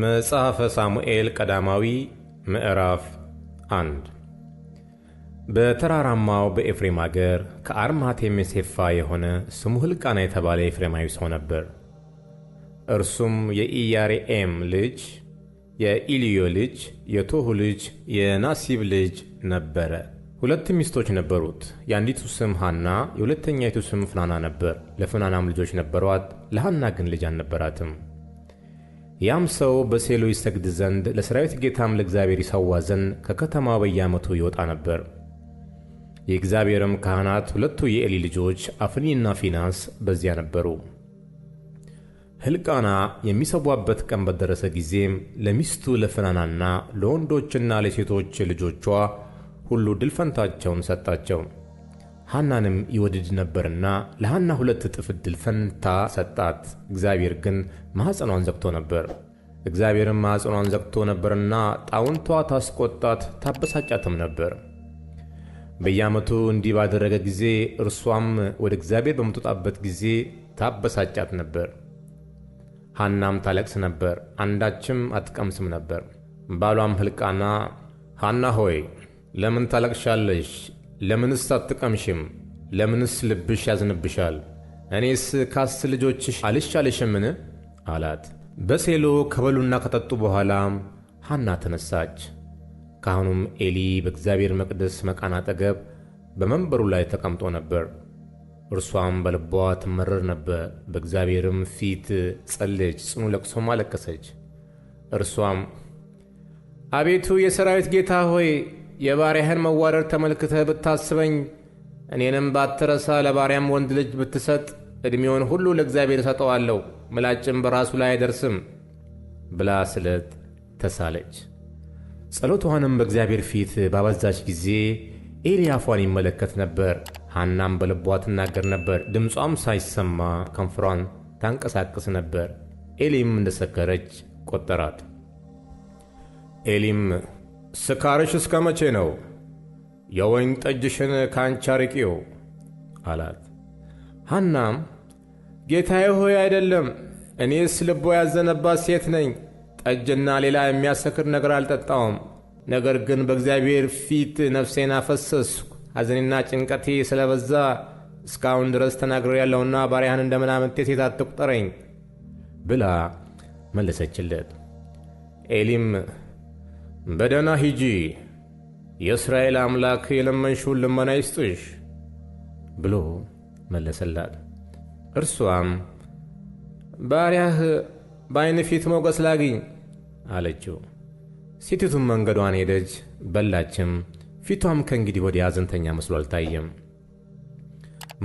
መጽሐፈ ሳሙኤል ቀዳማዊ ምዕራፍ አንድ በተራራማው በኤፍሬም አገር ከአርማቴም የሴፋ የሆነ ስሙ ሕልቃና የተባለ ኤፍሬማዊ ሰው ነበር። እርሱም የኢያሬኤም ልጅ የኢልዮ ልጅ የቶሁ ልጅ የናሲብ ልጅ ነበረ። ሁለት ሚስቶች ነበሩት። የአንዲቱ ስም ሐና የሁለተኛይቱ ስም ፍናና ነበር። ለፍናናም ልጆች ነበሯት፣ ለሐና ግን ልጅ አልነበራትም። ያም ሰው በሴሎ ይሰግድ ዘንድ ለሠራዊት ጌታም ለእግዚአብሔር ይሰዋ ዘንድ ከከተማ በየዓመቱ ይወጣ ነበር። የእግዚአብሔርም ካህናት ሁለቱ የኤሊ ልጆች አፍኒና ፊናንስ በዚያ ነበሩ። ሕልቃና የሚሰዋበት ቀን በደረሰ ጊዜም ለሚስቱ ለፍናናና ለወንዶችና ለሴቶች ልጆቿ ሁሉ ድል ፈንታቸውን ሰጣቸው። ሐናንም ይወድድ ነበርና ለሐና ሁለት እጥፍ ዕድል ፈንታ ሰጣት። እግዚአብሔር ግን ማኅፀኗን ዘግቶ ነበር። እግዚአብሔርም ማኅፀኗን ዘግቶ ነበርና ጣውንቷ ታስቆጣት ታበሳጫትም ነበር። በየዓመቱ እንዲህ ባደረገ ጊዜ እርሷም ወደ እግዚአብሔር በምትወጣበት ጊዜ ታበሳጫት ነበር። ሐናም ታለቅስ ነበር፣ አንዳችም አትቀምስም ነበር። ባሏም ሕልቃና ሐና ሆይ ለምን ታለቅሻለሽ? ለምንስ አትቀምሽም? ለምንስ ልብሽ ያዝንብሻል? እኔስ ከአስር ልጆችሽ አልሻለሽምን? አላት። በሴሎ ከበሉና ከጠጡ በኋላም ሐና ተነሳች። ካህኑም ኤሊ በእግዚአብሔር መቅደስ መቃን አጠገብ በመንበሩ ላይ ተቀምጦ ነበር። እርሷም በልቧ ትመረር ነበር። በእግዚአብሔርም ፊት ጸለች፣ ጽኑ ለቅሶም አለቀሰች። እርሷም አቤቱ የሰራዊት ጌታ ሆይ የባሪያህን መዋረድ ተመልክተህ ብታስበኝ እኔንም ባትረሳ ለባሪያም ወንድ ልጅ ብትሰጥ ዕድሜውን ሁሉ ለእግዚአብሔር እሰጠዋለሁ፣ ምላጭም በራሱ ላይ አይደርስም ብላ ስለት ተሳለች። ጸሎቷንም በእግዚአብሔር ፊት ባበዛች ጊዜ ኤሊ አፏን ይመለከት ነበር። ሐናም በልቧ ትናገር ነበር፣ ድምጿም ሳይሰማ ከንፈሯን ታንቀሳቅስ ነበር። ኤሊም እንደሰከረች ቆጠራት። ኤሊም ስካርሽ እስከ መቼ ነው? የወይን ጠጅሽን ካንቻርቂው አርቂው አላት። ሐናም ጌታዬ ሆይ አይደለም፣ እኔስ ልቦ ያዘነባት ሴት ነኝ። ጠጅና ሌላ የሚያሰክር ነገር አልጠጣውም። ነገር ግን በእግዚአብሔር ፊት ነፍሴን አፈሰስኩ። ሐዘኔና ጭንቀቴ ስለበዛ እስካሁን ድረስ ተናግሬ ያለውና ባሪያህን እንደ ምናምንቴ ሴት አትቁጠረኝ ብላ መለሰችለት። ኤሊም በደና ሂጂ፣ የእስራኤል አምላክ የለመንሽውን ልመና ይስጥሽ ብሎ መለሰላት። እርሷም ባሪያህ በዓይን ፊት ሞገስ ላግኝ አለችው። ሴቲቱም መንገዷን ሄደች፣ በላችም። ፊቷም ከእንግዲህ ወዲያ ሐዘንተኛ መስሎ አልታየም።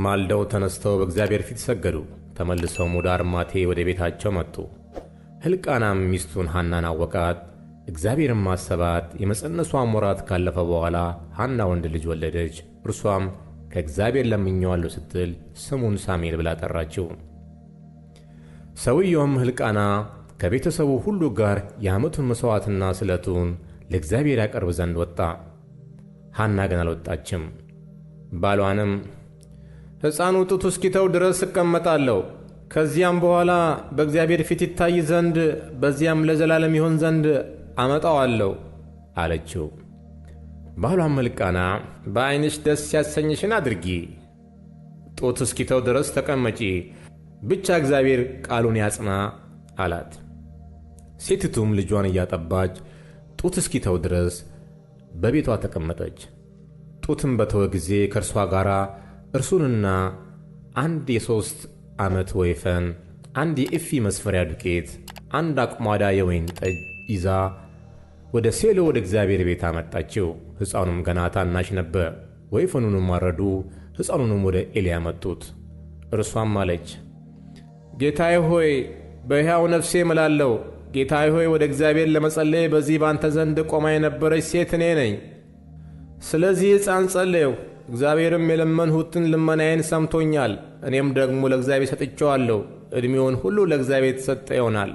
ማልደው ተነስተው በእግዚአብሔር ፊት ሰገዱ። ተመልሰውም ወደ አርማቴ ወደ ቤታቸው መጡ። ሕልቃናም ሚስቱን ሐናን አወቃት። እግዚአብሔርን ማሰባት የመጸነሷን ወራት ካለፈ በኋላ ሐና ወንድ ልጅ ወለደች። እርሷም ከእግዚአብሔር ለምኜዋለሁ ስትል ስሙን ሳሙኤል ብላ ጠራችው። ሰውየውም ሕልቃና ከቤተሰቡ ሁሉ ጋር የዓመቱን መሥዋዕትና ስለቱን ለእግዚአብሔር ያቀርብ ዘንድ ወጣ። ሐና ግን አልወጣችም። ባሏንም ሕፃኑ ጡቱ እስኪተው ድረስ እቀመጣለሁ፣ ከዚያም በኋላ በእግዚአብሔር ፊት ይታይ ዘንድ በዚያም ለዘላለም ይሆን ዘንድ አመጣዋለሁ አለችው። ባሏም መልቃና በዐይንሽ ደስ ያሰኝሽን አድርጊ፣ ጡት እስኪተው ድረስ ተቀመጪ፣ ብቻ እግዚአብሔር ቃሉን ያጽና አላት። ሴቲቱም ልጇን እያጠባች ጡት እስኪተው ድረስ በቤቷ ተቀመጠች። ጡትም በተወ ጊዜ ከእርሷ ጋር እርሱንና አንድ የሦስት ዓመት ወይፈን፣ አንድ የእፊ መስፈሪያ ዱቄት፣ አንድ አቁማዳ የወይን ጠጅ ይዛ ወደ ሴሎ ወደ እግዚአብሔር ቤት አመጣችው። ሕፃኑም ገና ታናሽ ነበር። ወይፈኑንም አረዱ፣ ሕፃኑንም ወደ ኤሊ አመጡት። እርሷም አለች፣ ጌታዬ ሆይ በሕያው ነፍሴ እምላለሁ፣ ጌታዬ ሆይ ወደ እግዚአብሔር ለመጸለይ በዚህ ባንተ ዘንድ ቆማ የነበረች ሴት እኔ ነኝ። ስለዚህ ሕፃን ጸለይሁ፣ እግዚአብሔርም የለመንሁትን ልመናዬን ሰምቶኛል። እኔም ደግሞ ለእግዚአብሔር ሰጥቼዋለሁ፣ ዕድሜውን ሁሉ ለእግዚአብሔር የተሰጠ ይሆናል።